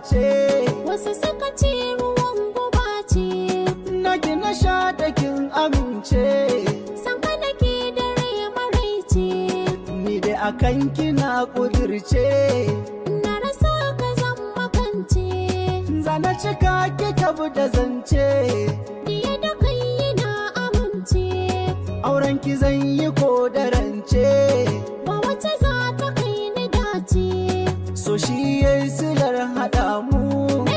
ce wasu suka ce ruwan guba ce na gina sha da kin amince san da ke da rai marai ce ni da akan kina kudirce na rasa ka zan makance zana cika ke kabu da zance diye da kai yana amince auren ki zan yi ko da rance ba wace za ta kai ni dace so shi yayi haɗa